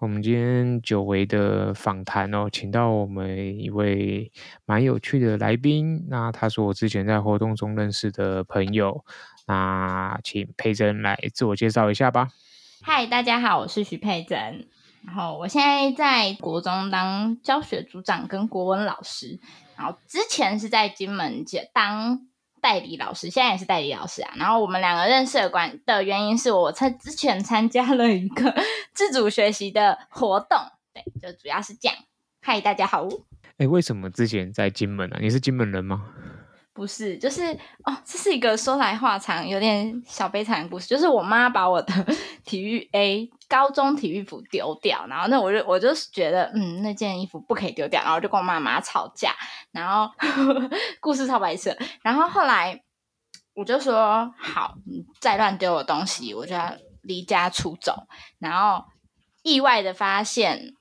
我們今天久違的訪談哦，請到我們一位蠻有趣的來賓。那他是我之前在活動中認識的朋友，那請佩珍來自我介紹一下吧。嗨，大家好，我是徐佩珍，然後我現在在國中當教學組長跟國文老師，然後之前是在金門姐當。代理老師，現在也是代理老師啊，然後我們兩個認識的關的原因是我之前參加了一個自主學習的活動，對，就主要是這樣。嗨，大家好。哎、欸，為什麼之前在金門啊？你是金門人嗎？不是，就是哦，這是一個說來話長，有點小悲慘的故事，就是我媽把我的體育 A。高中體育服丟掉，然後那我就我就是覺得，嗯，那件衣服不可以丟掉，然後就跟我媽媽吵架，然後呵呵故事超白色，然後後來我就說好，你再亂丟我東西，我就要離家出走。然後意外的發現，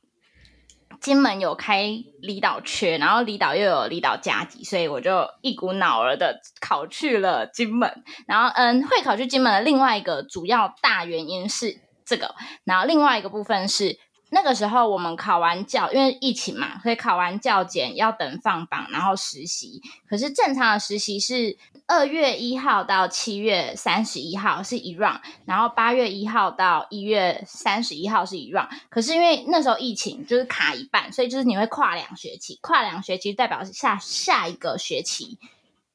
金門有開離島缺，然後離島又有離島加給，所以我就一股腦兒的考去了金門。然後，嗯，會考去金門的另外一個主要大原因是。這個，然後另外一個部分是，那個時候我們考完教，因為疫情嘛，所以考完教檢要等放榜，然後實習。可是正常的實習是二月一號到七月三十一號是一 round，然後八月一號到一月三十一號是一 round。可是因為那時候疫情就是卡一半，所以就是你會跨兩學期，跨兩學期代表下下一個學期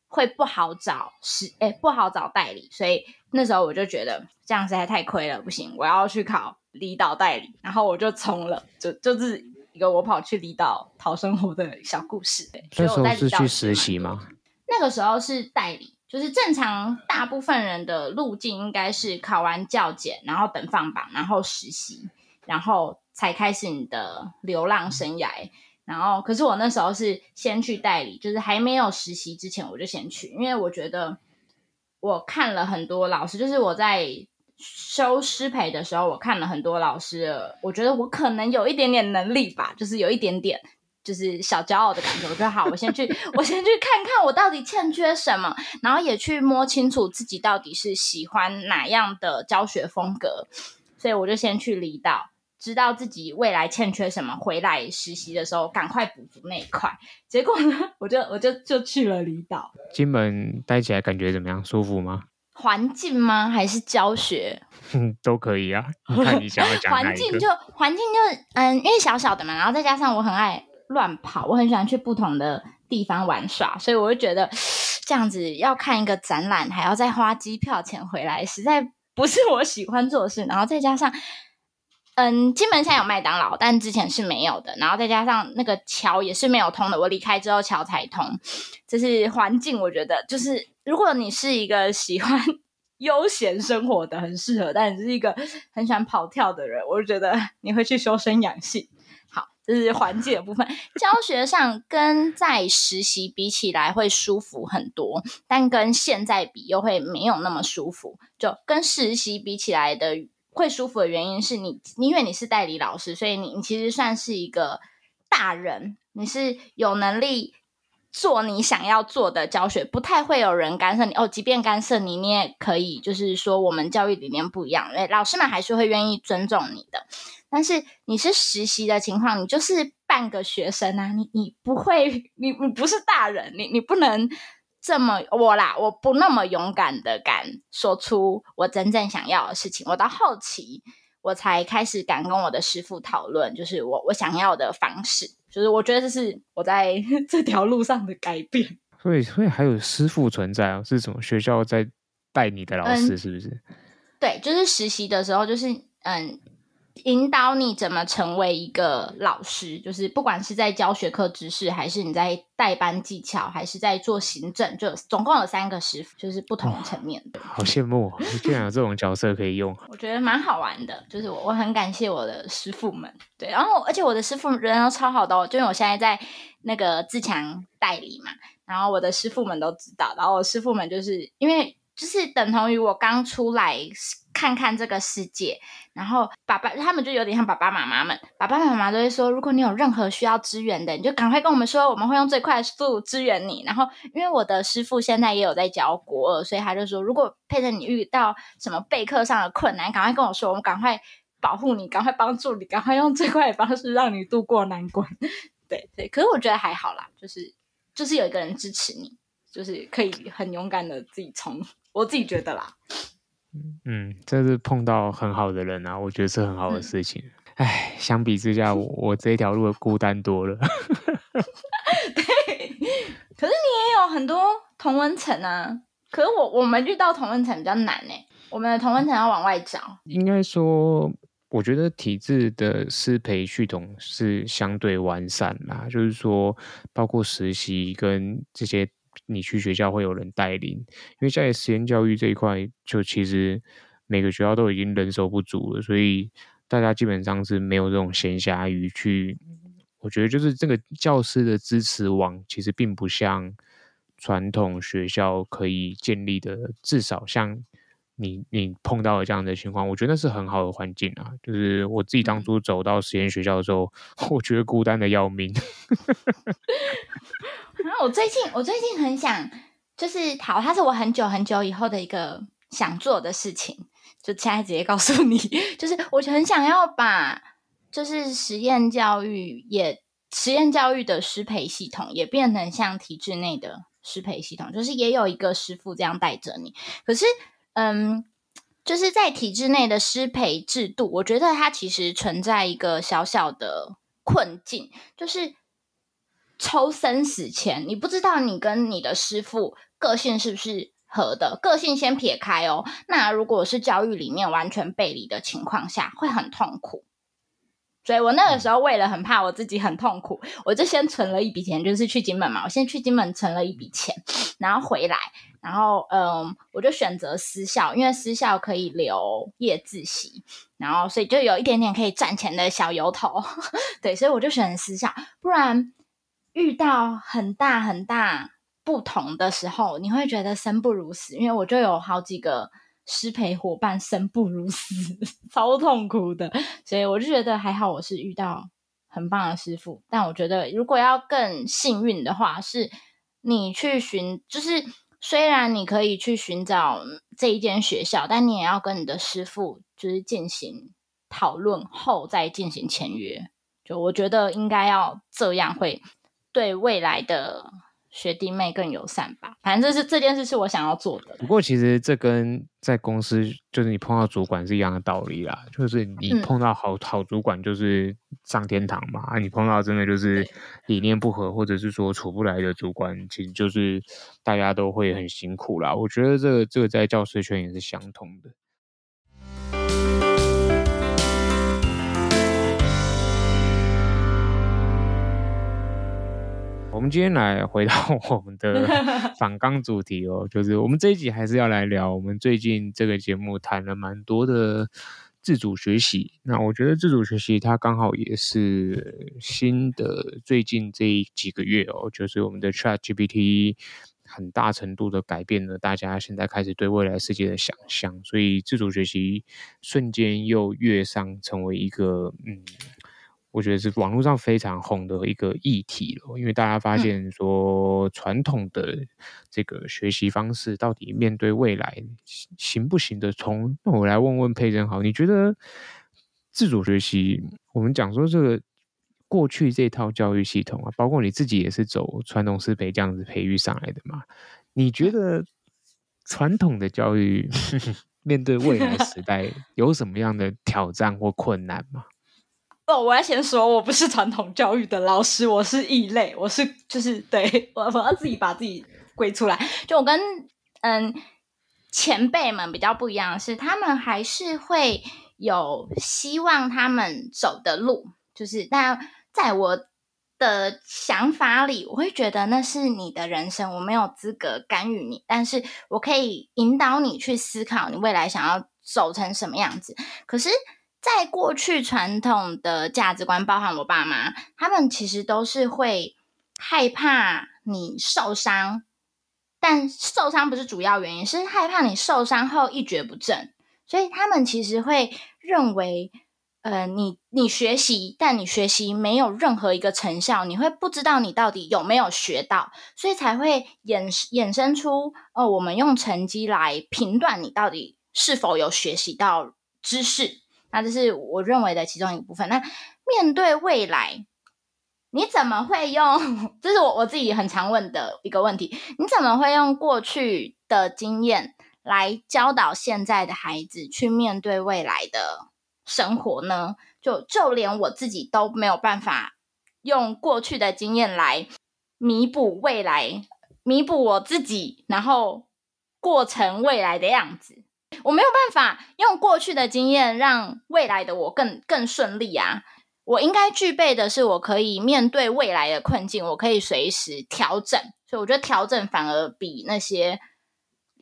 會不好找，是哎不好找代理，所以。那時候我就覺得這樣實在太虧了，不行，我要去考離島代理，然後我就衝了，就就是一個我跑去離島討生活的小故事。對，所以我時，那時候是去實習嗎？那個時候是代理，就是正常大部分人的路徑應該是考完教檢，然後等放榜，然後實習，然後才開始你的流浪生涯。然後，可是我那時候是先去代理，就是還沒有實習之前我就先去，因為我覺得。我看了很多老師，就是我在修師培的時候，我看了很多老師，我覺得我可能有一點點能力吧，就是有一點點，就是小驕傲的感覺。我說好，我先去，我先去看看我到底欠缺什麼，然後也去摸清楚自己到底是喜歡哪樣的教學風格，所以我就先去離島。知道自己未來欠缺什麼，回來實習的時候趕快補足那一塊。結果呢，我就我就就去了離島。金門待起來感覺怎麼樣？舒服嗎？環境嗎？還是教學？嗯， 都可以啊。看你想，環境就環境就嗯，因為小小的嘛，然後再加上我很愛亂跑，我很喜歡去不同的地方玩耍，所以我就覺得這樣子要看一個展覽，還要再花機票錢回來，實在不是我喜歡做的事。然後再加上。嗯，金門現在有麥當勞，但之前是沒有的。然後再加上那個橋也是沒有通的，我離開之後橋才通。這是環境，我覺得就是如果你是一個喜歡悠閒生活的，很適合；但你是一個很喜歡跑跳的人，我就覺得你會去修身養性。好，這是環境的部分。教學上跟在實習比起來會舒服很多，但跟現在比又會沒有那麼舒服，就跟實習比起來的。會舒服的原因是你，因為你是代理老師，所以你你其實算是一個大人，你是有能力做你想要做的教學，不太會有人干涉你。哦，即便干涉你，你也可以，就是說我們教育理念不一樣，誒老師們還是會願意尊重你的。但是你是實習的情況，你就是半個學生啊，你你不會，你你不是大人，你你不能。這麼我啦，我不那麼勇敢的敢說出我真正想要的事情。我到後期我才開始敢跟我的師父討論，就是我我想要的方式，就是我覺得這是我在這條路上的改變。所以所以還有師父存在啊、哦，是什麼學校在帶你的老師是不是？嗯、對，就是實習的時候，就是嗯。引導你怎麼成為一個老師，就是不管是在教學科知識，還是你在帶班技巧，還是在做行政，就總共有三個師傅，就是不同層面的。哦、對好羨慕，竟然有這種角色可以用。 我覺得蠻好玩的，就是我我很感謝我的師傅們，對，然後而且我的師傅人都超好的、哦，就因為我現在在那個自強代理嘛，然後我的師傅們都知道，然後我師傅們就是因為。就是等同於我剛出來看看這個世界，然後爸爸他們就有點像爸爸媽媽們，爸爸媽媽都會說，如果你有任何需要支援的，你就趕快跟我們說，我們會用最快速度支援你。然後，因為我的師傅現在也有在教國二，所以他就說，如果配着你遇到什麼備課上的困難，趕快跟我說，我們趕快保護你，趕快幫助你，趕快用最快的方式讓你度過難關。對對，可是我覺得還好啦，就是就是有一個人支持你，就是可以很勇敢的自己衝。我自己覺得啦，嗯，這是碰到很好的人啊，我覺得是很好的事情。哎、嗯，相比之下，我，我這一條路的孤單多了。 對，可是你也有很多同溫層啊。可是我我們遇到同溫層比較難哎、欸，我們的同溫層要往外找。應該說，我覺得體制的師培系統是相對完善啦，就是說，包括實習跟這些。你去學校會有人帶領，因為在實驗教育這一塊，就其實每個學校都已經人手不足了，所以大家基本上是沒有這種閒暇餘去。我覺得就是這個教師的支持網，其實並不像傳統學校可以建立的。至少像你，你碰到的這樣的情況，我覺得那是很好的環境啊。就是我自己當初走到實驗學校的時候，我覺得孤單的要命。 然後、啊、我最近我最近很想，就是好，它是我很久很久以後的一個想做的事情，就現在直接告訴你，就是我很想要把，就是實驗教育也實驗教育的師培系統也變成像體制內的師培系統，就是也有一個師傅這樣帶着你。可是，嗯，就是在體制內的師培制度，我覺得它其實存在一個小小的困境，就是。抽生死錢，你不知道你跟你的師傅個性是不是合的，個性先撇開哦。那如果是教育裡面完全背離的情況下，會很痛苦。所以我那個時候為了很怕我自己很痛苦，我就先存了一筆錢，就是去金門嘛。我先去金門存了一筆錢，然後回來，然後嗯、呃，我就選擇私校，因為私校可以留夜自習，然後所以就有一點點可以賺錢的小由頭。 對，所以我就選私校，不然。遇到很大很大不同的時候，你會覺得生不如死，因為我就有好幾個師培夥伴生不如死，超痛苦的。所以我就覺得還好，我是遇到很棒的師傅。但我覺得，如果要更幸運的話，是你去尋，就是雖然你可以去尋找這一間學校，但你也要跟你的師傅就是進行討論後再進行簽約。就我覺得應該要這樣會。對未來的學弟妹更友善吧，反正這是這件事是我想要做的。不過其實這跟在公司就是你碰到主管是一樣的道理啦，就是你碰到好、嗯、好主管就是上天堂嘛，你碰到真的就是理念不合對或者是說處不來的主管，其實就是大家都會很辛苦啦。我覺得這個這個在教師圈也是相通的。今天來回到我們的反綱主題哦，就是我們這一集還是要來聊我們最近這個節目談了蠻多的自主學習。那我覺得自主學習它，剛好也是新的最近這幾個月哦，就是我們的 ChatGPT 很大程度的改變了大家現在開始對未來世界的想象，所以自主學習瞬間又躍上成為一個嗯。我覺得是網絡上非常紅的一個議題，因為大家發現說傳統的這個學習方式到底面對未來行不行得通？那我來問問佩珍，好，你覺得自主學習？我們講說這個過去這套教育系統啊，包括你自己也是走傳統師培這樣子培育上來的嘛？你覺得傳統的教育呵呵面對未來時代有什麼樣的挑戰或困難嗎？哦，我要先說，我不是傳統教育的老師，我是異類，我是就是對我我要自己把自己歸出來。 就我跟嗯前輩們比較不一樣的是，他們還是會有希望他們走的路，就是但在我的想法裡，我會覺得那是你的人生，我沒有資格干預你，但是我可以引導你去思考你未來想要走成什麼樣子。可是。在過去傳統的價值觀，包含我爸媽，他們其實都是會害怕你受傷，但受傷不是主要原因，是，是害怕你受傷後一蹶不振，所以他們其實會認為，呃，你你學習，但你學習沒有任何一個成效，你會不知道你到底有沒有學到，所以才會衍衍生出，呃、哦，我們用成績來評斷你到底是否有學習到知識。那這是我認為的其中一部分。那面對未來，你怎麼會用？這是我我自己很常問的一個問題：你怎麼會用過去的經驗來教導現在的孩子去面對未來的生活呢？就就連我自己都沒有辦法用過去的經驗來彌補未來，彌補我自己，然後過成未來的樣子。我沒有辦法用過去的經驗讓未來的我更更順利啊！我應該具備的是，我可以面對未來的困境，我可以隨時調整。所以我覺得調整反而比那些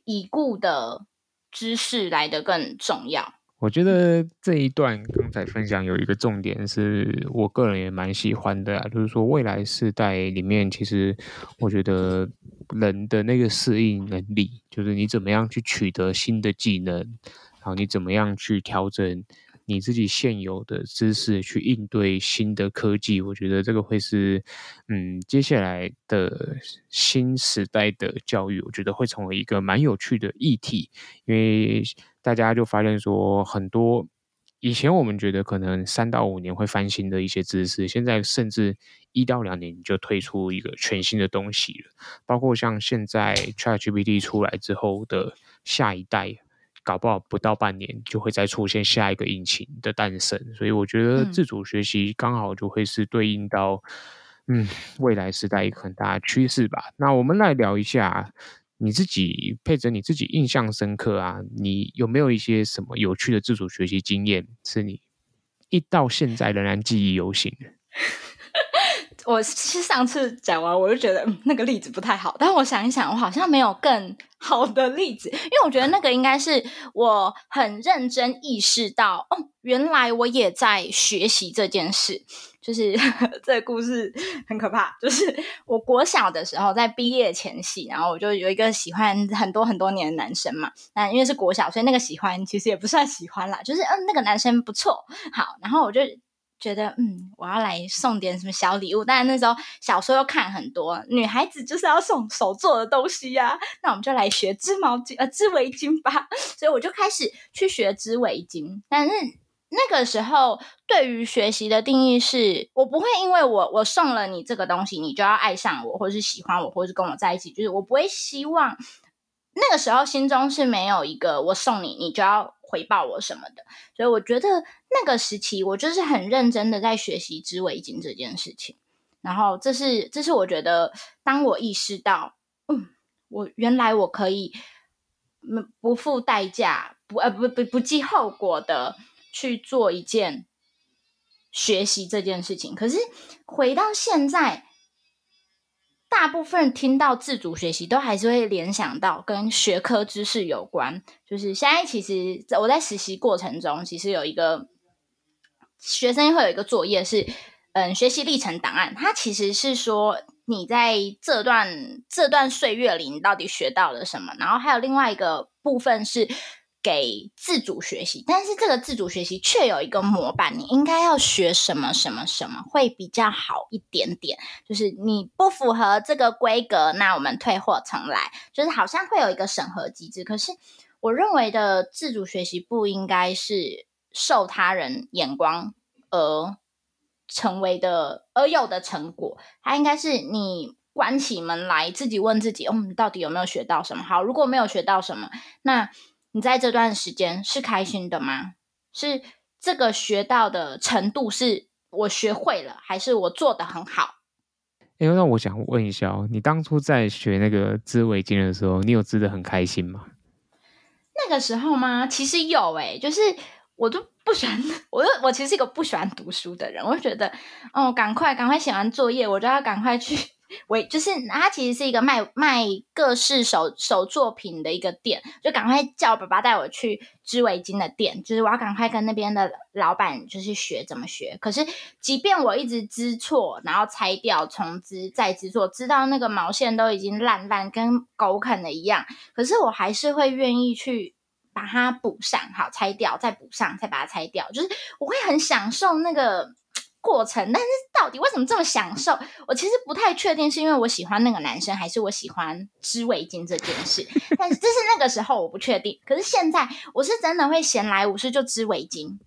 已故的知識來得更重要。我覺得這一段剛才分享有一個重點，是我個人也蠻喜歡的啊，就是說未來世代裡面，其實我覺得。人的那個適應能力，就是你怎麼樣去取得新的技能，然後你怎麼樣去調整你自己現有的知識去應對新的科技。我覺得這個會是，嗯，接下來的新時代的教育，我覺得會成為一個蠻有趣的議題，因為大家就發現說很多。以前我們覺得可能三到五年會翻新的一些知識，現在甚至一到兩年就推出一個全新的東西了。包括像現在 ChatGPT 出來之後的下一代，搞不好不到半年就會再出現下一個引擎的誕生。所以我覺得自主學習剛好就會是對應到嗯,嗯未來時代一個很大的趨勢吧。那我們來聊一下。你自己配着你自己印象深刻啊，你有沒有一些什麼有趣的自主學習經驗，是你一到現在仍然記憶猶新？ 我是上次講完，我就覺得那個例子不太好，但我想一想，我好像沒有更好的例子，因為我覺得那個應該是我很認真意識到，哦、嗯，原來我也在學習這件事。就是呵呵這個故事很可怕，就是我國小的時候在畢業前夕，然後我就有一個喜歡很多很多年的男生嘛，那因為是國小，所以那個喜歡其實也不算喜歡啦，就是嗯，那個男生不錯，好，然後我就。覺得嗯，我要來送點什麼小禮物。但是那時候小時候看很多，女孩子就是要送手做的東西呀，啊。那我們就來學織毛巾，呃，織圍巾吧。所以我就開始去學織圍巾。但是那個時候對於學習的定義是，我不會因為我我送了你這個東西，你就要愛上我，或者是喜歡我，或者是跟我在一起。就是我不會希望那個時候心中是沒有一個我送你，你就要。回報我什麼的，所以我覺得那個時期我就是很認真的在學習織圍巾這件事情。然後這是這是我覺得，當我意識到，嗯，我原來我可以不不付代價，不呃不不不，不計後果的去做一件學習這件事情。可是回到現在。大部分聽到自主學習，都還是會聯想到跟學科知識有關。就是現在，其實我在實習過程中，其實有一個學生會有一個作業是，嗯，學習歷程檔案。它其實是說，你在這段這段歲月裡，你到底學到了什麼？然後還有另外一個部分是。給自主學習，但是這個自主學習卻有一個模板，你應該要學什麼什麼什麼會比較好一點點。就是你不符合這個規格，那我們退貨重來。就是好像會有一個審核機制。可是我認為的自主學習不應該是受他人眼光而成為的，而有的成果，它應該是你關起門來自己問自己，嗯、哦，你到底有沒有學到什麼？好，如果沒有學到什麼，那。你在這段時間是開心的嗎？是這個學到的程度是我學會了，還是我做得很好？哎、欸，那我想問一下哦，你當初在學那個織圍巾的時候，你有織得很開心嗎？那個時候嗎？其實有誒、欸，就是我都不喜歡，我就我其實是一個不喜歡讀書的人，我就覺得，哦，趕快趕快寫完作業，我就要趕快去。我就是，它其實是一個賣賣各式手手作品的一個店，就趕快叫爸爸帶我去織圍巾的店，就是我要趕快跟那邊的老闆就是學怎麼學。可是，即便我一直織錯，然後拆掉，重織再織錯，織到那個毛線都已經爛爛跟狗啃的一樣，可是我還是會願意去把它補上，好，拆掉再補上，再把它拆掉，就是我會很享受那個。過程，但是到底為什麼這麼享受？我其實不太確定，是因為我喜歡那個男生，還是我喜歡織圍巾這件事？ 但是就是那個時候我不確定，可是現在我是真的會閒來無事就織圍巾。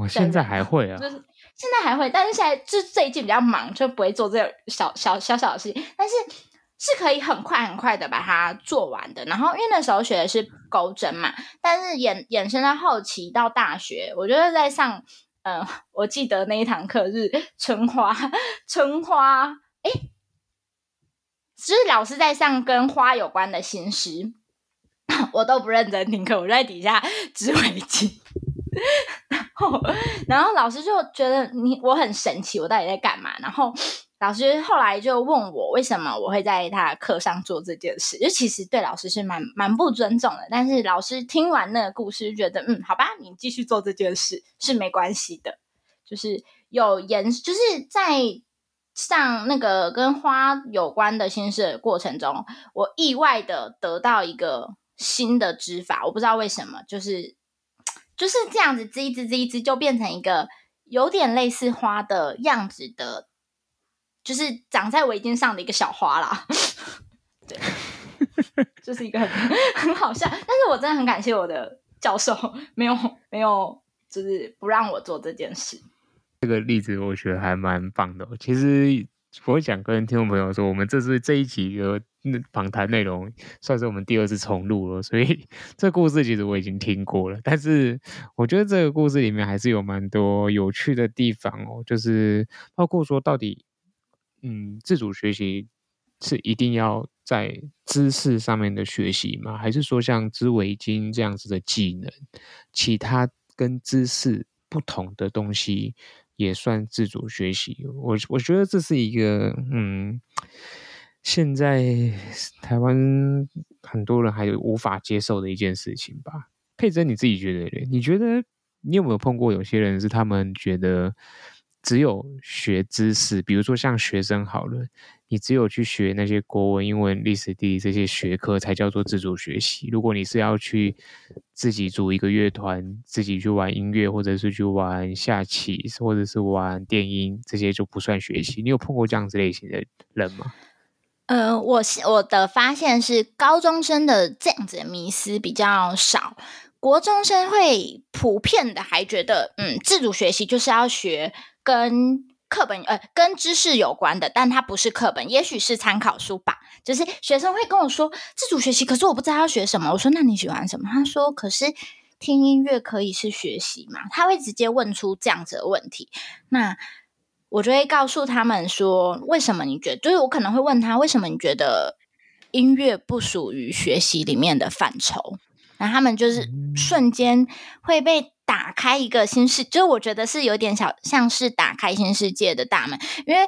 我現在還會啊、就是，現在還會，但是現在就最近比較忙，就不會做這小小，小小小的事情，但是是可以很快很快的把它做完的。然後因為那時候學的是鈎針嘛，但是衍衍生到後期到大學，我覺得在上。嗯、呃，我記得那一堂課是春花，春花，哎、欸，其實老師在上跟花有關的新詩 我都不認真聽課，我在底下織圍巾， 然後，然後老師就覺得你我很神奇，我到底在幹嘛？然後。老師後來就問我為什麼我會在他課上做這件事，就其實對老師是蠻蠻不尊重的。但是老師聽完那個故事，覺得嗯，好吧，你繼續做這件事是沒關係的。就是有顏，就是在上那個跟花有關的心事的過程中，我意外的得到一個新的織法，我不知道為什麼，就是就是這樣子織一織一織織織就變成一個有點類似花的樣子的。就是長在圍巾上的一個小花啦， 對，這 是一個很很好笑。但是我真的很感謝我的教授沒，沒有沒有，就是不讓我做這件事。這個例子我覺得還蠻棒的。其實我想跟聽眾朋友說，我們這次這一集的訪談內容，算是我們第二次重錄了，所以這故事其實我已經聽過了。但是我覺得這個故事裡面還是有蠻多有趣的地方哦，就是包括說到底。嗯，自主學習是一定要在知識上面的學習嗎？還是說像織圍巾這樣子的技能，其他跟知識不同的東西也算自主學習？我我覺得這是一個嗯，現在台灣很多人還有無法接受的一件事情吧。佩珍，你自己覺得呢？你覺得你有沒有碰過有些人是他們覺得？只有學知識，比如說像學生好了，你只有去學那些國文、英文、歷史、地理這些學科，才叫做自主學習。如果你是要去自己組一個樂團，自己去玩音樂，或者是去玩下棋，或者是玩電音，這些就不算學習。你有碰過這樣子類型的人嗎？呃，我我的發現是，高中生的這樣子的迷思比較少，國中生會普遍的還覺得，嗯，自主學習就是要學。跟課本呃，跟知識有關的，但它不是課本，也許是參考書吧。就是學生會跟我說自主學習，可是我不知道要學什麼。我說那你喜歡什麼？他說可是聽音樂可以是學習嘛？他會直接問出這樣子的問題。那我就會告訴他們說，為什麼你覺得？就是我可能會問他，為什麼你覺得音樂不屬於學習裡面的範疇？然後他們就是瞬間會被。打開一個新世界，就我覺得是有點小，像是打開新世界的大門。因為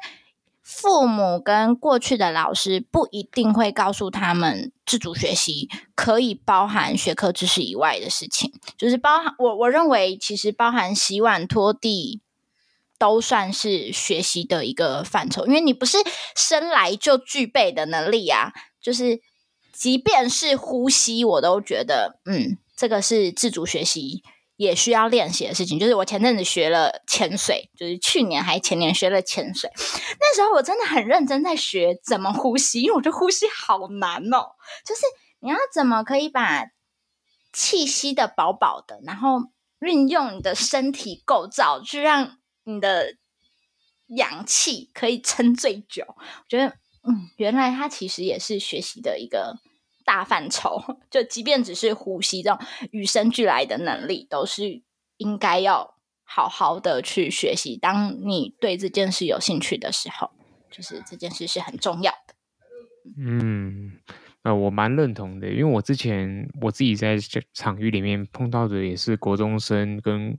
父母跟過去的老師不一定會告訴他們，自主學習可以包含學科知識以外的事情，就是包含我我認為，其實包含洗碗、拖地都算是學習的一個範疇，因為你不是生來就具備的能力啊。就是即便是呼吸，我都覺得，嗯，這個是自主學習。也需要練習的事情，就是我前陣子學了潛水，就是去年還前年學了潛水。那時候我真的很認真在學怎麼呼吸，因為我覺得呼吸好難哦。就是你要怎麼可以把氣息的飽飽的，然後運用你的身體構造去讓你的氧氣可以撐最久。我覺得，嗯，原來它其實也是學習的一個。大範疇，就即便只是呼吸這種與生俱來的能力，都是應該要好好的去學習。當你對這件事有興趣的時候，就是這件事是很重要的。嗯，那、呃、我蠻認同的，因為我之前我自己在場域裡面碰到的也是國中生跟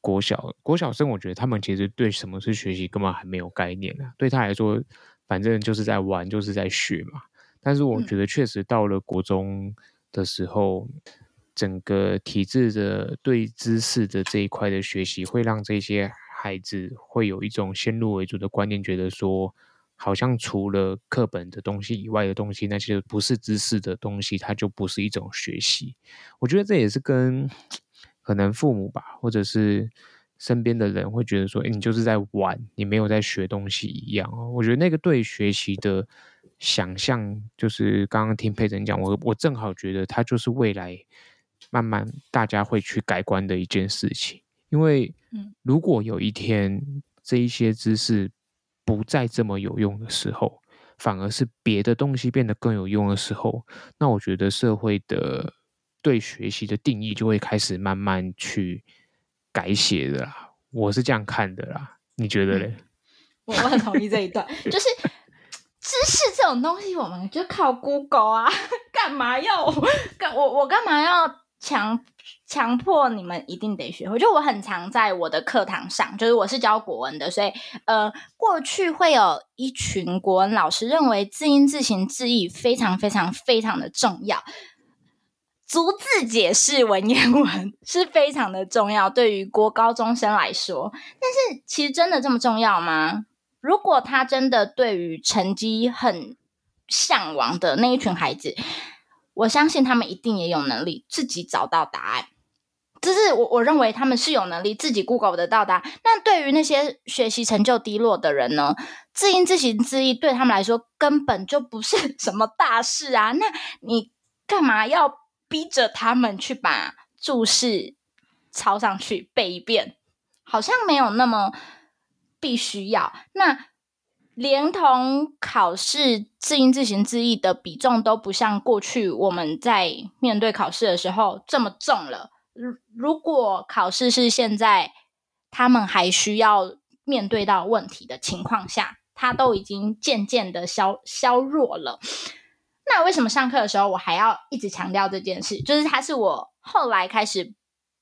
國小國小生，我覺得他們其實對什麼是學習根本還沒有概念呢、啊。對他來說，反正就是在玩，就是在學嘛。但是我覺得，確實到了國中的時候，嗯、整個體制的對知識的這一塊的學習，會讓這些孩子會有一種先入為主的觀念，覺得說，好像除了課本的東西以外的東西，那些不是知識的東西，它就不是一種學習。我覺得這也是跟可能父母吧，或者是身邊的人會覺得說，誒，你就是在玩，你沒有在學東西一樣。我覺得那個對學習的。想象就是剛剛聽佩珍講，我我正好覺得它就是未來慢慢大家會去改觀的一件事情，因為，如果有一天這一些知識不再這麼有用的時候，反而是別的東西變得更有用的時候，那我覺得社會的對學習的定義就會開始慢慢去改寫的啦。我是這樣看的啦，你覺得嘞？嗯，我我很同意這一段， 就是。知識這種東西，我們就靠 Google 啊，幹嘛要？幹我我幹嘛要強強迫你們一定得學？我覺得我很常在我的課堂上，就是我是教國文的，所以呃，過去會有一群國文老師認為字音、字形、字義非常非常非常的重要，逐字解釋文言文是非常的重要，對於國高中生來說，但是其實真的這麼重要嗎？如果他真的對於成績很向往的那一群孩子，我相信他們一定也有能力自己找到答案，就是我我認為他們是有能力自己 Google 得到答案。那對於那些學習成就低落的人呢？字音、字形、字義對他們來說根本就不是什麼大事啊，那你幹嘛要逼着他們去把注釋抄上去背一遍？好像沒有那麼。必須要那，連同考試字音、字形、字義的比重都不像過去我們在面對考試的時候這麼重了。如如果考試是現在他們還需要面對到問題的情況下，它都已經漸漸的消削弱了，那為什麼上課的時候我還要一直強調這件事？就是它是我後來開始，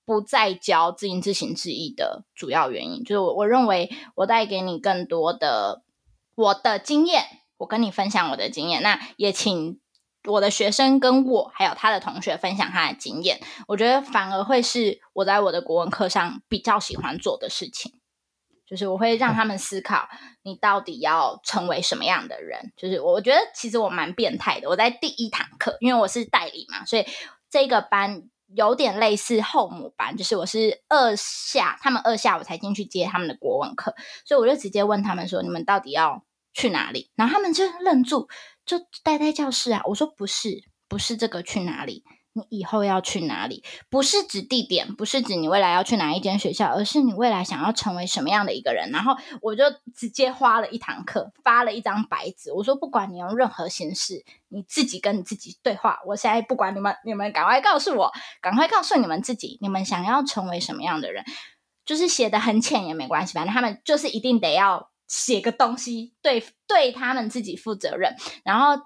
不再教字音、字形、字義的主要原因，就是我我認為我帶給你更多的我的經驗，我跟你分享我的經驗，那也請我的學生跟我還有他的同學分享他的經驗。我覺得反而會是我在我的國文課上比較喜歡做的事情，就是我會讓他們思考，你到底要成為什麼樣的人。就是我覺得其實我蠻變態的，我在第一堂課，因為我是代理嘛，所以這個班。有點類似後母班，就是我是二下，他們二下我才進去接他們的國文課，所以我就直接問他們說：“你們到底要去哪裡？”然後他們就愣住，就待在教室啊。我說：“不是，不是這個，去哪裡？”你以後要去哪裡？不是指地點，不是指你未來要去哪一間學校，而是你未來想要成為什麼樣的一個人。然後我就直接花了一堂課，發了一張白紙，我說：不管你用任何形式，你自己跟你自己對話。我現在不管你們，你們趕快告訴我，趕快告訴你們自己，你們想要成為什麼樣的人，就是寫的很淺也沒關係吧。他們就是一定得要寫個東西對，對對他們自己負責任。然後。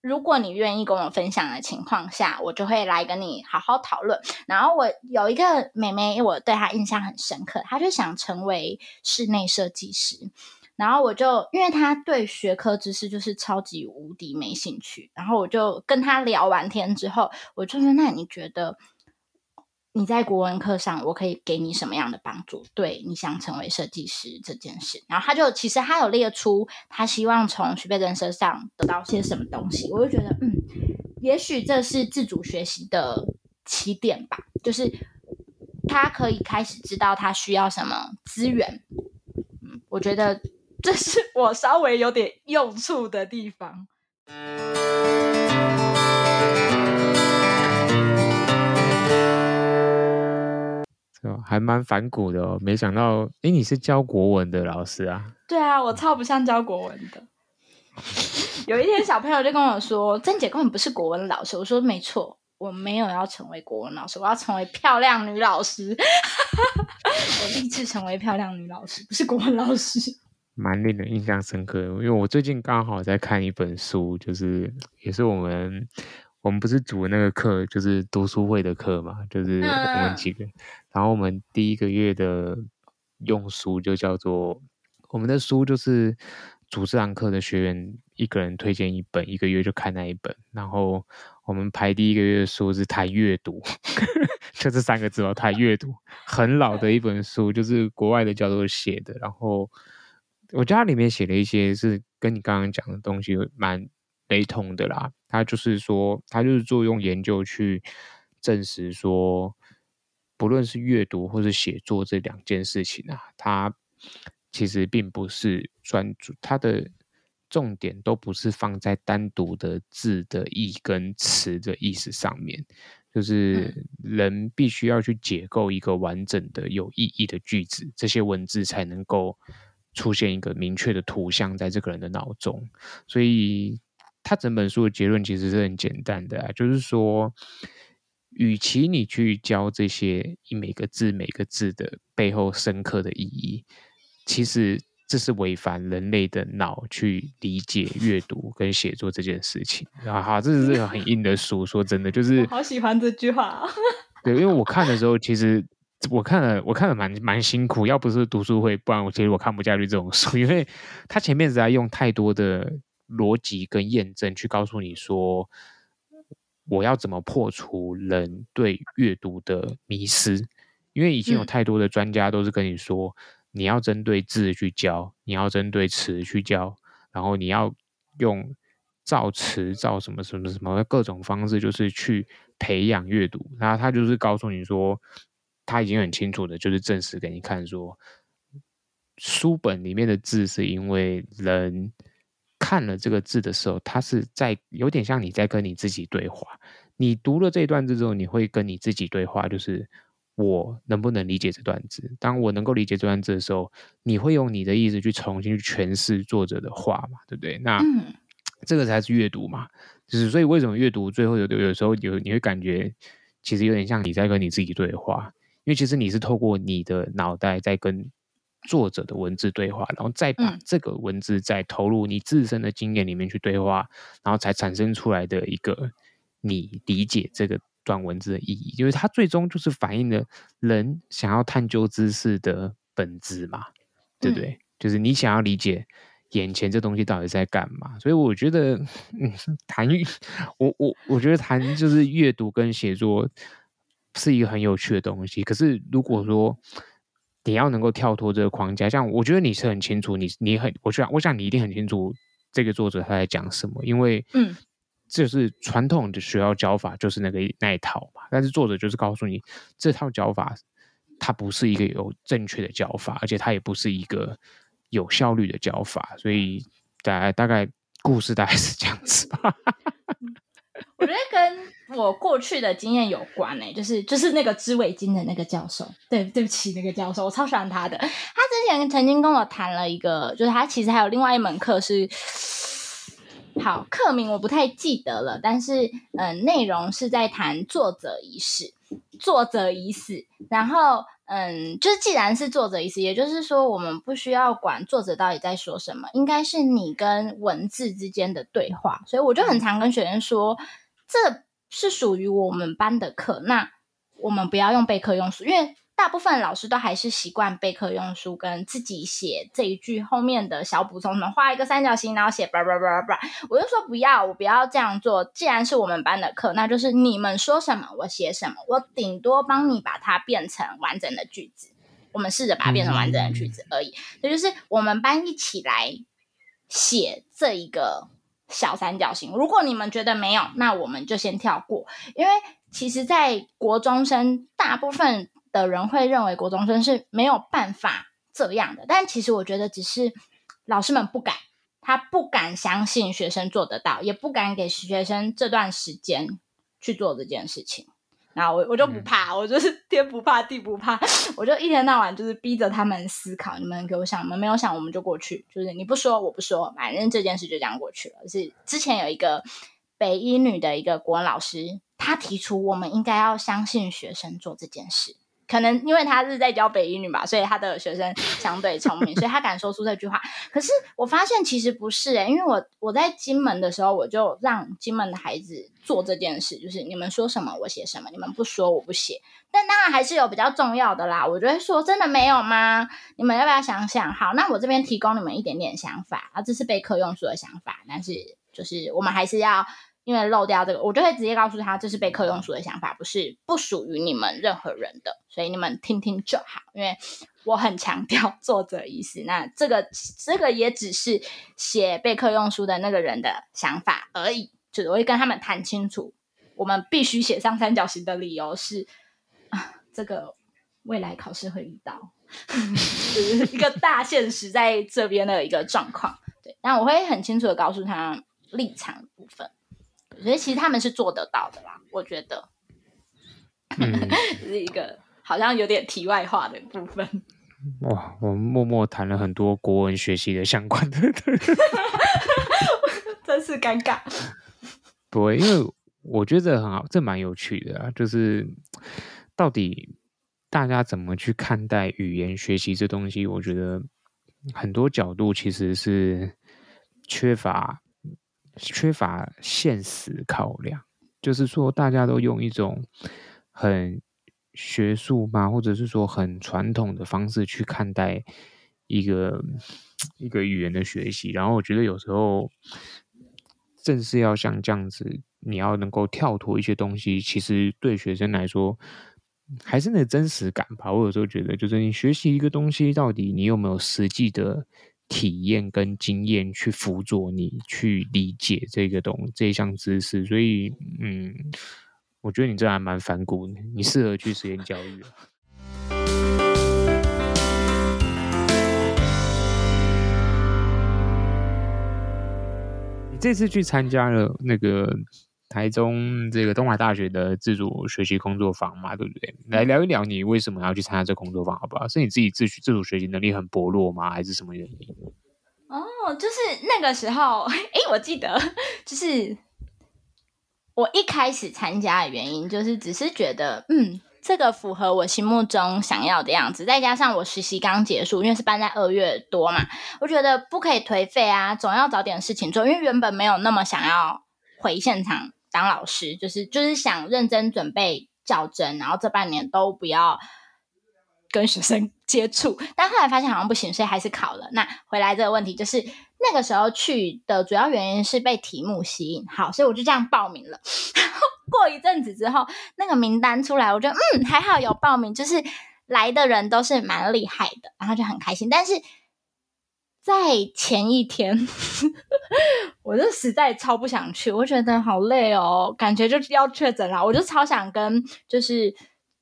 如果你願意跟我分享的情況下，我就會來跟你好好討論。然後我有一個妹妹，我對她印象很深刻，她就想成為室內設計師。然後我就因為她對學科知識就是超級無敵沒興趣，然後我就跟她聊完天之後，我就說：“那你覺得？”你在國文課上，我可以給你什麼樣的幫助？對你想成為設計師這件事。然後他就，其實他有列出他希望從許貝身上得到些什麼東西。我就覺得，嗯，也許這是自主學習的起點吧，就是他可以開始知道他需要什麼資源。嗯，我覺得這是我稍微有點用處的地方。嗯還蠻反骨的哦，沒想到，誒、欸、你是教國文的老師啊？對啊，我超不像教國文的。有一天，小朋友就跟我說：“鄭 姐根本不是國文老師。”我說：“沒錯，我沒有要成為國文老師，我要成為漂亮女老師。 我立志成為漂亮女老師，不是國文老師。”蠻令人印象深刻的，因為我最近剛好在看一本書，就是也是我們我們不是組的那個課，就是讀書會的課嘛，就是我們幾個。嗯然後我們第一個月的用書就叫做我們的書，就是主治堂課的學員一個人推薦一本，一個月就看那一本。然後我們排第一個月的書是談閱讀， 就這三個字吧。談閱讀，很老的一本書，就是國外的教授寫的。然後我家裡面寫了一些是跟你剛剛講的東西蠻雷同的啦。他就是說，他就是做用研究去證實說。不論是閱讀或是寫作這兩件事情啊，它其實並不是專注，它的重點都不是放在單獨的字的意跟詞的意思上面，就是人必須要去解構一個完整的有意義的句子，這些文字才能夠出現一個明確的圖像在這個人的腦中。所以，他整本書的結論其實是很簡單的啊，就是說。與其你去教這些，以每個字每個字的背後深刻的意義，其實這是違反人類的腦去理解閱讀跟寫作這件事情。啊哈，這是很硬的書， 說真的，就是好喜歡這句話啊。 對，因為我看的時候，其實我看了，我看了蠻蠻辛苦。要不是讀書會，不然我其實我看不下去這種書，因為它前面是在用太多的邏輯跟驗證去告訴你說。我要怎麼破除人對閱讀的迷思？因為以前有太多的專家都是跟你說，嗯、你要針對字去教，你要針對詞去教，然後你要用造詞、造什麼什麼什麼的各種方式，就是去培養閱讀。然後他就是告訴你說，他已經很清楚的，就是證實給你看說，說書本裡面的字是因為人。看了這個字的時候，它是在有點像你在跟你自己對話。你讀了這一段字之後，你會跟你自己對話，就是我能不能理解這段字？當我能夠理解這段字的時候，你會用你的意思去重新去詮釋作者的話嘛，對不對？那，嗯，這個才是閱讀嘛，就是所以為什麼閱讀最後有有時候有你會感覺其實有點像你在跟你自己對話，因為其實你是透過你的腦袋在跟。作者的文字對話，然後再把這個文字再投入你自身的經驗裡面去對話，嗯、然後才產生出來的一個你理解這個段文字的意義，就是它最終就是反映了人想要探究知識的本質嘛，對不對？嗯、就是你想要理解眼前這東西到底在幹嘛。所以我覺得，嗯，談我我我覺得談就是閱讀跟寫作是一個很有趣的東西。可是如果說，你要能夠跳脫這個框架，像我覺得你是很清楚，你你很，我想我想你一定很清楚這個作者他在講什麼，因為就是傳統的學校教法就是那個那一套嘛，但是作者就是告訴你這套教法它不是一個有正確的教法，而且它也不是一個有效率的教法，所以大概大概故事大概是這樣子吧， 我覺在得跟。 我過去的經驗有關誒、欸，就是就是那個織圍巾的那個教授，對對不起那個教授，我超喜歡他的。他之前曾經跟我談了一個，就是他其實還有另外一門課是，好課名我不太記得了，但是嗯，內容是在談作者已死。作者已死，然後嗯，就是既然是作者已死，也就是說我們不需要管作者到底在說什麼，應該是你跟文字之間的對話，所以我就很常跟學生說這。是屬於我們班的課，那我們不要用備課用書，因為大部分老師都還是習慣備課用書，跟自己寫這一句後面的小補充，能畫一個三角形，然後寫不不不不，我就說不要，我不要這樣做。既然是我們班的課，那就是你們說什麼我寫什麼，我頂多幫你把它變成完整的句子，我們試着把它變成完整的句子而已。這、嗯、就,就是我們班一起來寫這一個。小三角形，如果你們覺得沒有，那我們就先跳過。因為其實，在國中生，大部分的人會認為國中生是沒有辦法這樣的，但其實我覺得，只是老師們不敢，他不敢相信學生做得到，也不敢給學生這段時間去做這件事情。那我我就不怕，嗯、我就是天不怕地不怕，我就一天到晚就是逼着他們思考。你們給我想，我們沒有想，我們就過去。就是你不說，我不說，反正這件事就這樣過去了。就是之前有一個北一女的一個國文老師，他提出我們應該要相信學生做這件事。可能因為他是在教北一女嘛，所以他的學生相對聰明，所以他敢說出這句話。 可是我發現其實不是誒、欸，因為我我在金門的時候，我就讓金門的孩子做這件事，就是你們說什麼我寫什麼，你們不說我不寫。但當然還是有比較重要的啦，我就會說真的沒有嗎？你們要不要想想？好，那我這邊提供你們一點點想法啊，這是備課用書的想法，但是就是我們還是要。因為漏掉這個，我就會直接告訴他，這是備課用書的想法，不是不屬於你們任何人的，所以你們聽聽就好。因為我很強調作者意思，那這個這個也只是寫備課用書的那個人的想法而已。就是我會跟他們談清楚，我們必須寫上三角形的理由是，啊、這個未來考試會遇到， 就是一個大現實在這邊的一個狀況。對，但我會很清楚的告訴他立場的部分。我覺得其實他們是做得到的啦，我覺得，嗯、 是一個好像有點題外話的部分。哇，我們默默談了很多國文學習的相關的， 真是尷尬。對，因為我覺得很好，這蠻有趣的啊。就是到底大家怎麼去看待語言學習這東西？我覺得很多角度其實是缺乏。缺乏現實考量，就是說，大家都用一種很學術嘛，或者是說很傳統的方式去看待一個一個語言的學習。然後我覺得有時候正是要像這樣子，你要能夠跳脫一些東西，其實對學生來說還是那真實感吧。我有時候覺得，就是你學習一個東西，到底你有沒有實際的？體驗跟經驗去輔佐你去理解這個東這項知識，所以嗯，我覺得你這還蠻反骨，你適合去實驗教育啊。 你這次去參加了那個。台中這個東海大學的自主學習工作坊嘛，對不對？來聊一聊你為什麼要去參加這個工作坊，好不好？是你自己自自主學習能力很薄弱嗎？還是什麼原因？哦，就是那個時候，哎、欸，我記得，就是我一開始參加的原因，就是只是覺得，嗯，這個符合我心目中想要的樣子。再加上我實習剛結束，因為是辦在二月多嘛，我覺得不可以頹廢啊，總要找點事情做。因為原本沒有那麼想要回現場。當老師就是就是想認真準備教甄，然後這半年都不要跟學生接觸，但後來發現好像不行，所以還是考了。那回來這個問題就是那個時候去的主要原因是被題目吸引，好，所以我就這樣報名了。然 後過一陣子之後，那個名單出來，我覺得嗯，還好有報名，就是來的人都是蠻厲害的，然後就很開心。但是在前一天， 我就實在超不想去，我覺得好累哦，感覺就要確診了，我就超想跟就是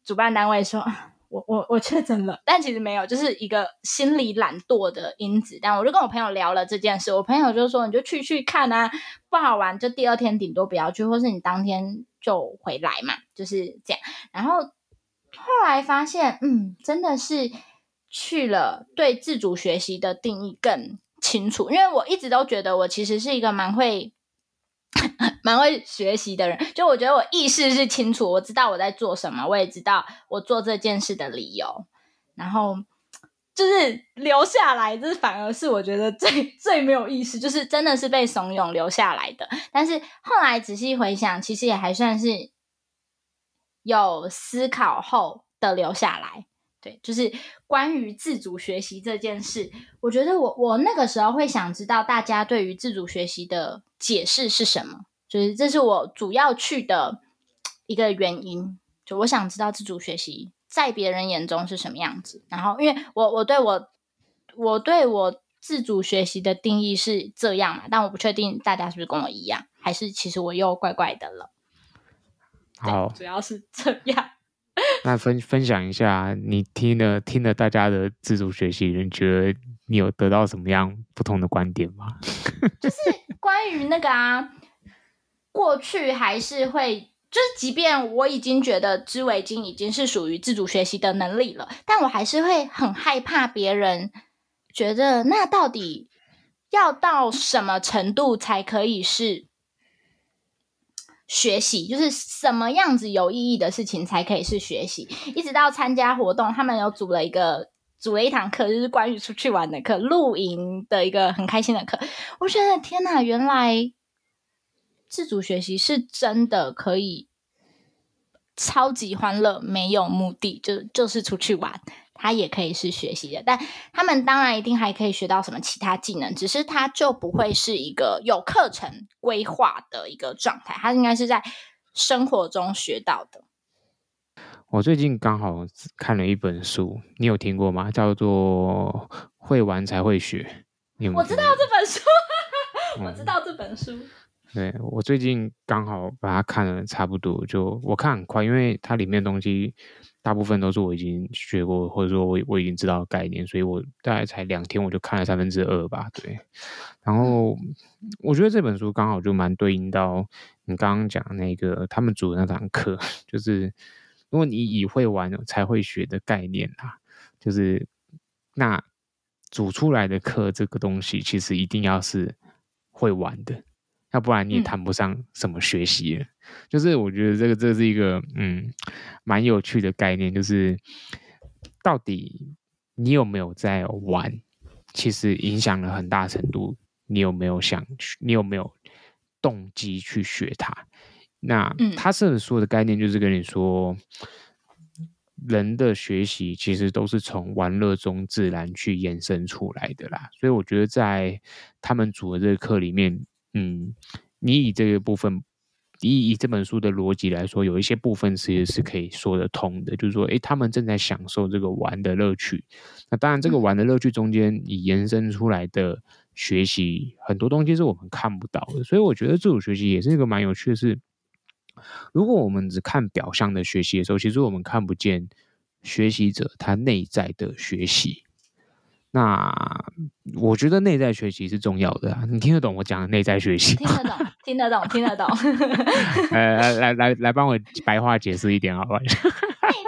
主辦單位說我我我確診了，但其實沒有，就是一個心理懶惰的因子。但我就跟我朋友聊了這件事，我朋友就說你就去去看啊，不好玩就第二天頂多不要去，或是你當天就回來嘛，就是這樣。然後後來發現，嗯，真的是。去了，對自主學習的定義更清楚。因為我一直都覺得我其實是一個蠻會、蠻會學習的人。就我覺得我意識是清楚，我知道我在做什麼，我也知道我做這件事的理由。然後就是留下來，這、就是、反而是我覺得最最沒有意思，就是真的是被慫恿留下來的。但是後來仔細回想，其實也還算是有思考後的留下來。對，就是關於自主學習這件事，我覺得我我那個時候會想知道大家對於自主學習的解釋是什麼，就是這是我主要去的一個原因。就我想知道自主學習在別人眼中是什麼樣子。然後，因為我我對我我對我自主學習的定義是這樣嘛啊，但我不確定大家是不是跟我一樣，還是其實我又怪怪的了。好，主要是這樣。那分分享一下，你聽了聽了大家的自主學習，你覺得你有得到什麼樣不同的觀點嗎？就是關於那個啊， 過去還是會，就是即便我已經覺得織圍巾已經是屬於自主學習的能力了，但我還是會很害怕別人覺得那到底要到什麼程度才可以是。學習就是什麼樣子有意義的事情才可以是學習，一直到參加活動，他們有組了一個組了一堂課，就是關於出去玩的課，露營的一個很開心的課。我覺得天哪，原來自主學習是真的可以超級歡樂，沒有目的，就就是出去玩。他也可以是學習的，但他們當然一定還可以學到什麼其他技能，只是他就不會是一個有課程規劃的一個狀態，他應該是在生活中學到的。我最近剛好看了一本書，你有聽過嗎？叫做《會玩才會學》。我知道這本書， 我知道這本書。嗯對，我最近剛好把它看了差不多，就我看很快，因為它裡面的東西大部分都是我已經學過，或者說我我已經知道的概念，所以我大概才兩天我就看了三分之二吧。對，然後我覺得這本書剛好就蠻對應到你剛剛講那個他們組的那堂課，就是如果你以會玩才會學的概念啊，就是那組出來的課這個東西其實一定要是會玩的。要不然你也談不上什麼學習了。嗯、就是我覺得這個這是一個嗯，蠻有趣的概念，就是到底你有沒有在玩，其實影響了很大程度。你有沒有想，你有沒有動機去學它？那、嗯、他甚至說的概念就是跟你說，人的學習其實都是從玩樂中自然去延伸出來的啦。所以我覺得在他們組的這個課裡面。嗯，你以這個部分，你以，以這本書的邏輯來說，有一些部分其實是可以說得通的。就是說，誒他們正在享受這個玩的樂趣。那當然，這個玩的樂趣中間，以延伸出來的學習，很多東西是我們看不到的。所以，我覺得自主學習也是一個蠻有趣的事，如果我們只看表象的學習的時候，其實我們看不見學習者他內在的學習。那我覺得內在學習是重要的啊，你聽得懂我講的內在學習啊？聽得懂，聽得懂，聽得懂。呃， 來來來，來來幫我白話解釋一點，好不好？ 內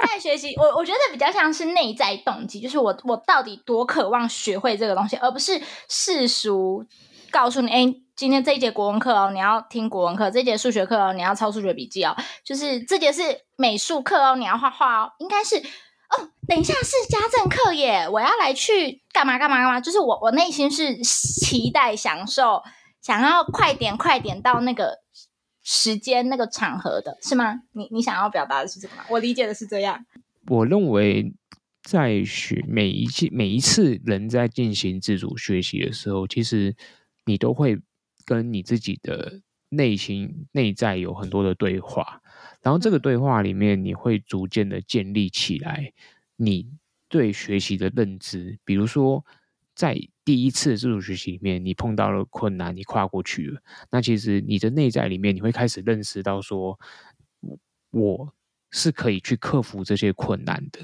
在學習，我我覺得比較像是內在動機，就是我我到底多渴望學會這個東西，而不是世俗告訴你，哎，今天這一節國文課哦，你要聽國文課；這一節數學課哦，你要抄數學筆記哦；就是這節是美術課哦，你要畫畫哦，應該是。哦，等一下是家政課耶！我要來去幹嘛幹嘛幹嘛？就是我我內心是期待享受，想要快點快點到那個時間那個場合的，是嗎？你你想要表達的是什麼？我理解的是這樣。我認為在學每一季每一次人在進行自主學習的時候，其實你都會跟你自己的內心內在有很多的對話。然後這個對話裡面，你會逐漸的建立起來你對學習的認知。比如說，在第一次自主學習裡面，你碰到了困難，你跨過去了。那其實你的內在裡面，你會開始認識到說，我是可以去克服這些困難的。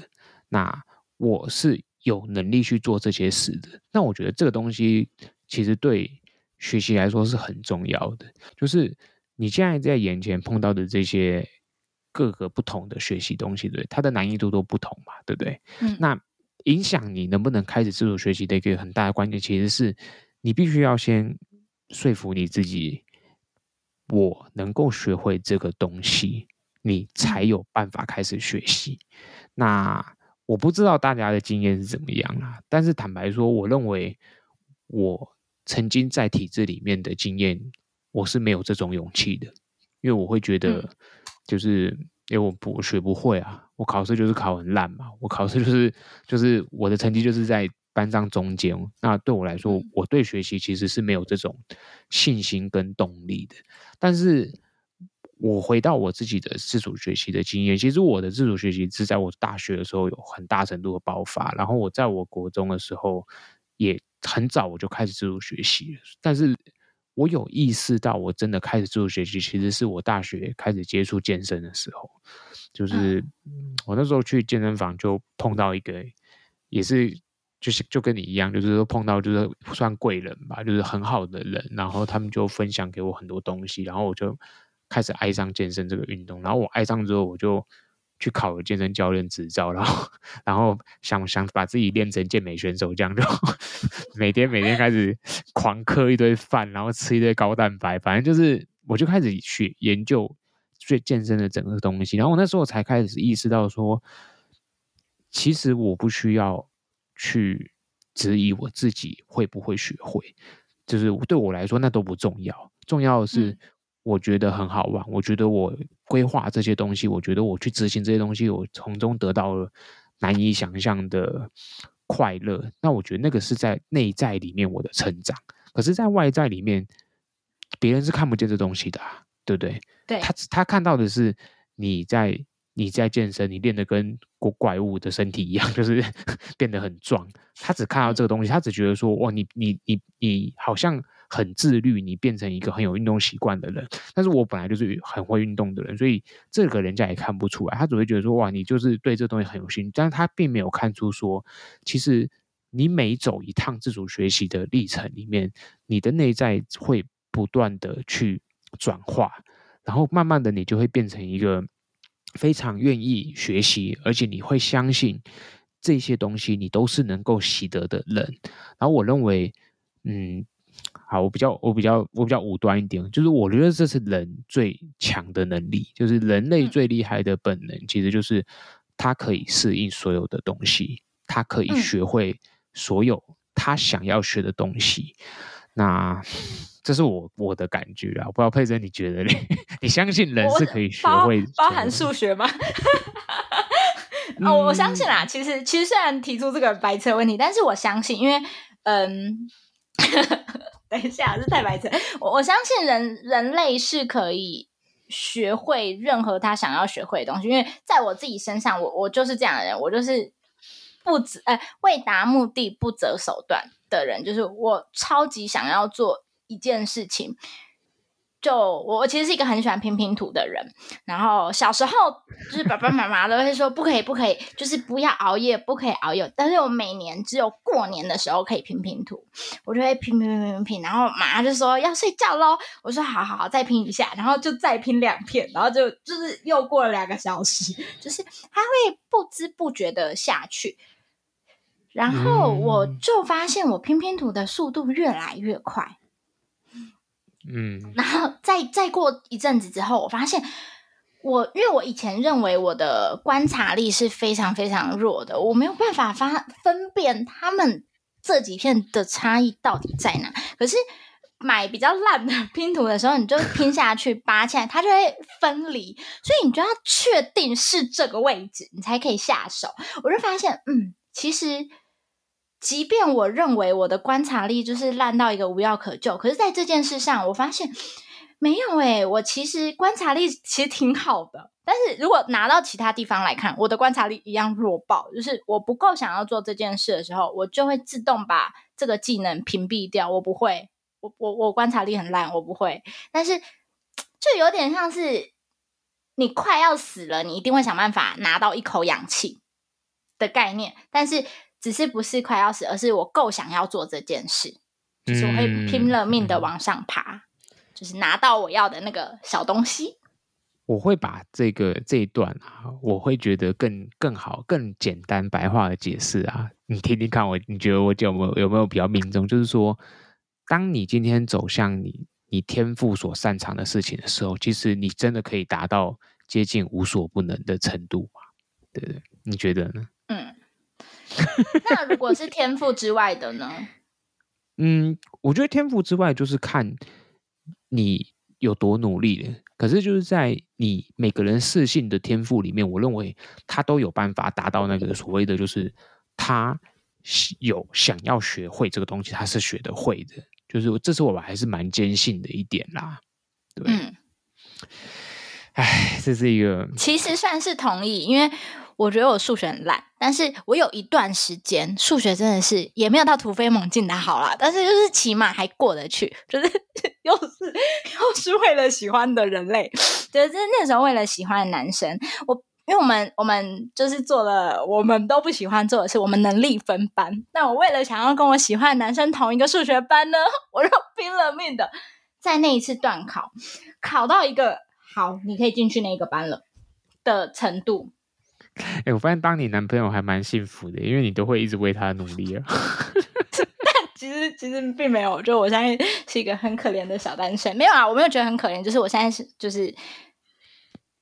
那我是有能力去做這些事的。那我覺得這個東西其實對學習來說是很重要的。就是你現在在眼前碰到的這些。各個不同的學習東西，對，對，它的難易度都不同嘛，對不對？嗯，那影響你能不能開始自主學習的一個很大的關鍵，其實是你必須要先說服你自己，我能夠學會這個東西，你才有辦法開始學習。那我不知道大家的經驗是怎麼樣啊，但是坦白說，我認為我曾經在體制裡面的經驗，我是沒有這種勇氣的，因為我會覺得，嗯。就是因為我不學不會啊，我考試就是考很爛嘛，我考試就是就是我的成績就是在班上中間。那對我來說，我對學習其實是沒有這種信心跟動力的。但是我回到我自己的自主學習的經驗，其實我的自主學習是在我大學的時候有很大程度的爆發，然後我在我國中的時候也很早我就開始自主學習了，但是。我有意識到，我真的開始自主學習，其實是我大學開始接觸健身的時候，就是我那時候去健身房就碰到一個，也是就是就跟你一樣，就是說碰到就是算貴人吧，就是很好的人，然後他們就分享給我很多東西，然後我就開始愛上健身這個運動，然後我愛上之後我就。去考了健身教練執照，然後，然後想想把自己練成健美選手，這樣就每天每天開始狂嗑一堆飯，然後吃一堆高蛋白，反正就是我就開始去研究所以健身的整個東西。然後我那時候才開始意識到說，其實我不需要去質疑我自己會不會學會，就是對我來說那都不重要，重要的是。嗯我覺得很好玩。我覺得我規劃這些東西，我覺得我去執行這些東西，我從中得到了難以想象的快樂。那我覺得那個是在內在裡面我的成長，可是在外在裡面，別人是看不見這東西的啊，對不對？對。他，他看到的是你在你在健身，你練得跟怪怪物的身體一樣，就是 變得很壯。他只看到這個東西，他只覺得說：哇，你你你你好像。很自律，你變成一個很有運動習慣的人。但是我本來就是很會運動的人，所以這個人家也看不出來，他只會覺得說，哇，你就是對這東西很有興趣。但是他並沒有看出說，其實你每走一趟自主學習的歷程裡面，你的內在會不斷的去轉化，然後慢慢的你就會變成一個非常願意學習，而且你會相信這些東西你都是能夠習得的人。然後我認為，嗯。我比較，我比較，我比較武斷一點，就是我覺得這是人最強的能力，就是人類最厲害的本能，嗯、其實就是他可以適應所有的東西，他可以學會所有他想要學的東西。嗯、那這是我我的感覺啊，我不知道佩珍你覺得呢？你相信人是可以學會包含數學嗎？啊、 哦，我相信啦，其實其實雖然提出這個白車問題，但是我相信，因為嗯。 等一下，是太白痴。 我我相信人人類是可以學會任何他想要學會的東西，因為在我自己身上，我我就是這樣的人，我就是不止，哎、呃、為達目的不擇手段的人，就是我超級想要做一件事情。就我，我其實是一個很喜歡拼拼圖的人。然後小時候，就是爸爸媽媽都會說不可以，不可以，就是不要熬夜，不可以熬夜。但是我每年只有過年的時候可以拼拼圖，我就會拼拼拼拼拼，然後我媽就說要睡覺嘍。我說好好好，再拼一下，然後就再拼兩片，然後就就是又過了兩個小時，就是它會不知不覺的下去。然後我就發現我拼拼圖的速度越來越快。嗯，然後再再過一陣子之後，我發現我，因為我以前認為我的觀察力是非常非常弱的，我沒有辦法發分辨他們這幾片的差異到底在哪。可是買比較爛的拼圖的時候，你就拼下去扒起來 它就會分離，所以你就要確定是這個位置，你才可以下手。我就發現，嗯，其實。即便我認為我的觀察力就是爛到一個無藥可救，可是，在這件事上，我發現沒有哎、欸，我其實觀察力其實挺好的。但是如果拿到其他地方來看，我的觀察力一樣弱爆。就是我不夠想要做這件事的時候，我就會自動把這個技能屏蔽掉。我不會，我我我觀察力很爛，我不會。但是，就有點像是你快要死了，你一定會想辦法拿到一口氧氣的概念，但是。只是不是快要死，而是我夠想要做這件事，就是我會拼了命的往上爬，嗯嗯、就是拿到我要的那個小東西。我會把這個這一段啊，我會覺得更更好、更簡單、白話的解釋啊，你聽聽看我，我你覺得我有沒有有沒有比較命中？ 就是說，當你今天走向你你天賦所擅長的事情的時候，其實你真的可以達到接近無所不能的程度。對，對？你覺得呢？嗯。 那如果是天賦之外的呢？嗯，我覺得天賦之外就是看你有多努力了，可是就是在你每個人適性的天賦裡面，我認為他都有辦法達到那個所謂的，就是他有想要學會這個東西，他是學得會的。就是這是我還是蠻堅信的一點啦。對。嗯唉，這是一個其實算是同意，因為我覺得我數學很爛，但是我有一段時間數學真的是也沒有到突飛猛進的好啦，但是就是起碼還過得去，就是又是又是為了喜歡的人類，就是那時候為了喜歡的男生，我因為我們我們就是做了我們都不喜歡做的事，我們能力分班，但我為了想要跟我喜歡的男生同一個數學班呢，我就拼了命的在那一次段考考到一個。好，你可以進去那個班了的程度。哎、欸，我發現當你男朋友還蠻幸福的，因為你都會一直為他努力啊。 但其實其實並沒有，就我現在是一個很可憐的小單身。沒有啊，我沒有覺得很可憐，就是我現在是就是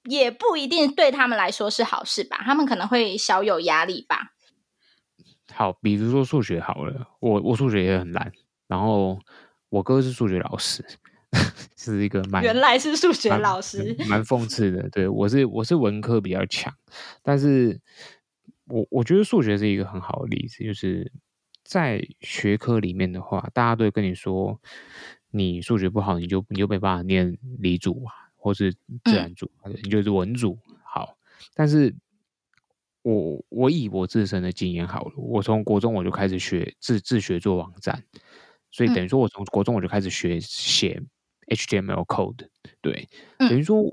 也不一定對他們來說是好事吧，他們可能會小有壓力吧。好，比如說數學好了，我我數學也很爛，然後我哥是數學老師。是一個蠻原來是數學老師蠻，蠻諷刺的，對，我是我是文科比較強，但是我我覺得數學是一個很好的例子，就是在學科裡面的話，大家都會跟你說你數學不好，你就你就沒辦法念理組啊，或是自然組，嗯、你就是文組好。但是我，我我以我自身的經驗好了，我從國中我就開始學自自學做網站，所以等於說我從國中我就開始學寫。嗯 HTML code，對，等於說，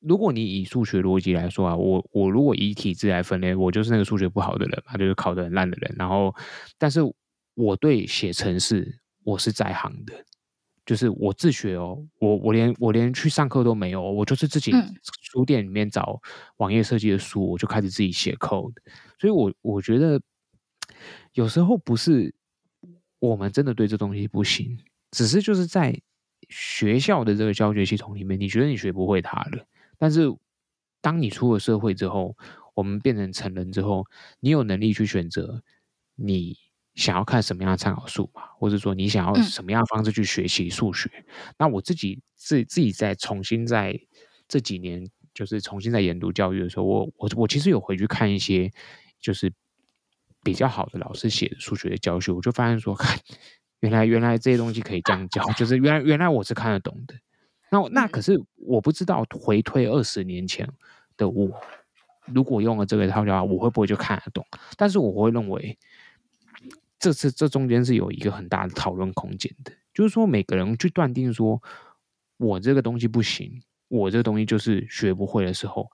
如果你以數學邏輯來說啊，我我如果以體制來分類，我就是那個數學不好的人，他就是考得很爛的人。然後，但是我對寫程式，我是在行的，就是我自學哦，我我連我連去上課都沒有哦，我就是自己書店裡面找網頁設計的書，我就開始自己寫 code。所以我，我我覺得有時候不是我們真的對這東西不行，只是就是在。學校的這個教學系統裡面，你覺得你學不會它的。但是，當你出了社會之後，我們變成成人之後，你有能力去選擇你想要看什麼樣的參考書吧？或者說你想要什麼樣的方式去學習數學？嗯、那我自己自己自己在重新在這幾年，就是重新在研讀教育的時候，我我我其實有回去看一些就是比較好的老師寫的數學的教學，我就發現說看。原來原來這些東西可以這樣教，就是原來原來我是看得懂的。那那可是我不知道回退二十年前的我，如果用了這個套的話，我會不會就看得懂？但是我會認為，這次這中間是有一個很大的討論空間的。就是說，每個人去斷定說我這個東西不行，我這個東西就是學不會的時候，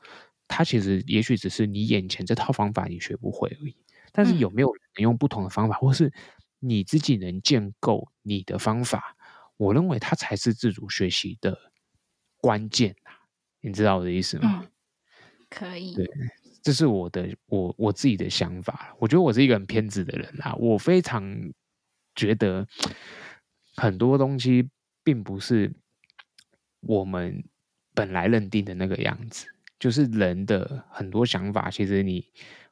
它其實也許只是你眼前這套方法你學不會而已。但是有沒有人用不同的方法，或是？你自己能建構你的方法，我認為它才是自主學習的關鍵。你知道我的意思嗎？嗯，可以。對，這是我的我我自己的想法。我覺得我是一個很偏執的人啊。我非常覺得很多東西並不是我們本來認定的那個樣子。就是人的很多想法，其實你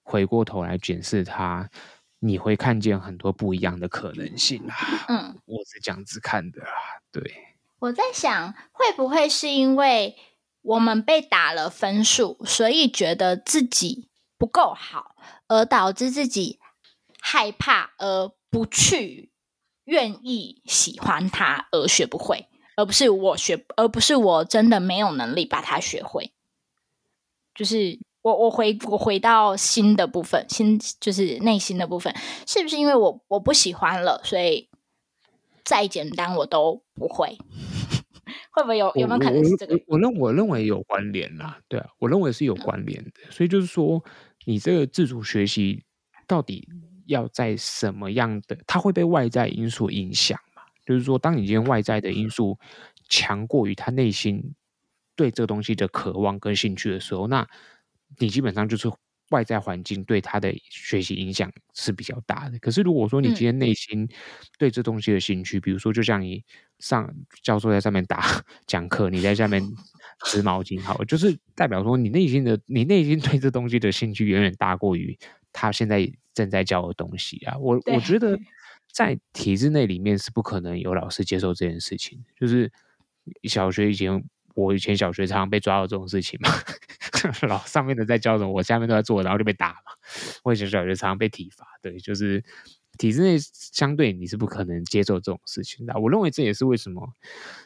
回過頭來檢視它。你會看見很多不一樣的可能性啊、嗯，我是這樣子看的啊。對、嗯，我在想，會不會是因為我們被打了分數，所以覺得自己不夠好，而導致自己害怕而不去願意喜歡他，而學不會，而不是我學，而不是我真的沒有能力把他學會，就是。我我回，我回到心的部分，心就是內心的部分，是不是因為我我不喜歡了，所以再簡單我都不會，會不會有有沒有可能是這個？我，我，我認為認為有關聯啦，對啊，我認為是有關聯的，嗯，所以就是說，你這個自主學習到底要在什麼樣的，它會被外在因素影響嘛？就是說，當你今天外在的因素強過於他內心對這個東西的渴望跟興趣的時候，那。你基本上就是外在環境對他的學習影響是比較大的。可是如果說你今天內心對這東西的興趣，比如說就像你上教授在上面打講課，你在下面織毛巾，好，就是代表說你內心的你內心對這東西的興趣遠遠大過於他現在正在教的東西啊。我對。我我覺得在體制內裡面是不可能有老師接受這件事情，就是小學以前。我以前小學常常被抓到這種事情嘛，然後上面的在教什麼，我下面都在做，然後就被打嘛。我以前小學常常被體罰，對，就是體制內相對你是不可能接受這種事情的。我認為這也是為什麼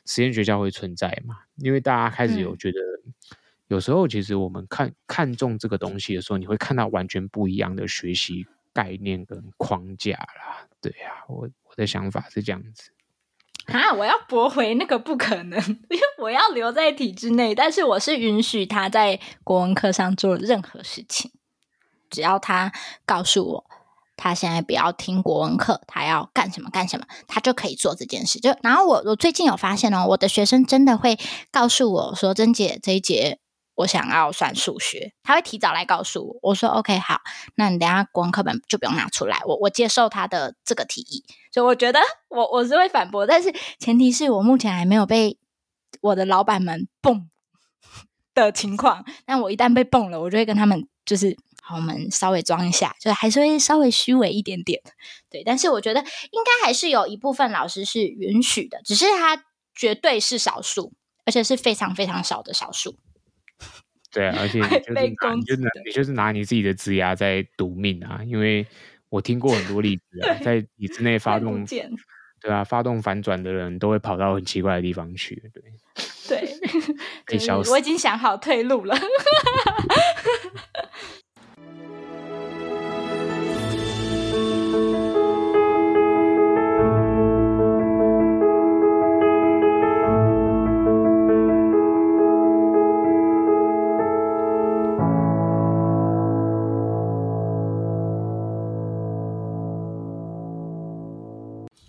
實驗學校會存在嘛，因為大家開始有覺得，嗯、有時候其實我們看看重這個東西的時候，你會看到完全不一樣的學習概念跟框架啦。對呀、啊，我我的想法是這樣子。啊！我要駁回那個不可能，因為我要留在體制內。但是我是允許他在國文課上做任何事情，只要他告訴我他現在不要聽國文課，他要幹什麼幹什麼，他就可以做這件事。就然後我我最近有發現哦，我的學生真的會告訴我說：“珍姐這一節。”我想要算數學，他會提早來告訴我。我說 OK，好，那你等下國文課本就不用拿出來。我我接受他的這個提議，所以我覺得我我是會反駁，但是前提是我目前還沒有被我的老闆們蹦的情況。但我一旦被蹦了，我就會跟他們就是，好，我們稍微裝一下，就還是會稍微虛偽一點點。對，但是我覺得應該還是有一部分老師是允許的，只是他絕對是少數，而且是非常非常少的少數。對啊，而且你就是拿，你，就是拿你自己的職涯在賭命啊！因為我聽過很多例子啊， 對在體制內發動，對啊，發動反轉的人都會跑到很奇怪的地方去。對對，可以消失。我已經想好退路了。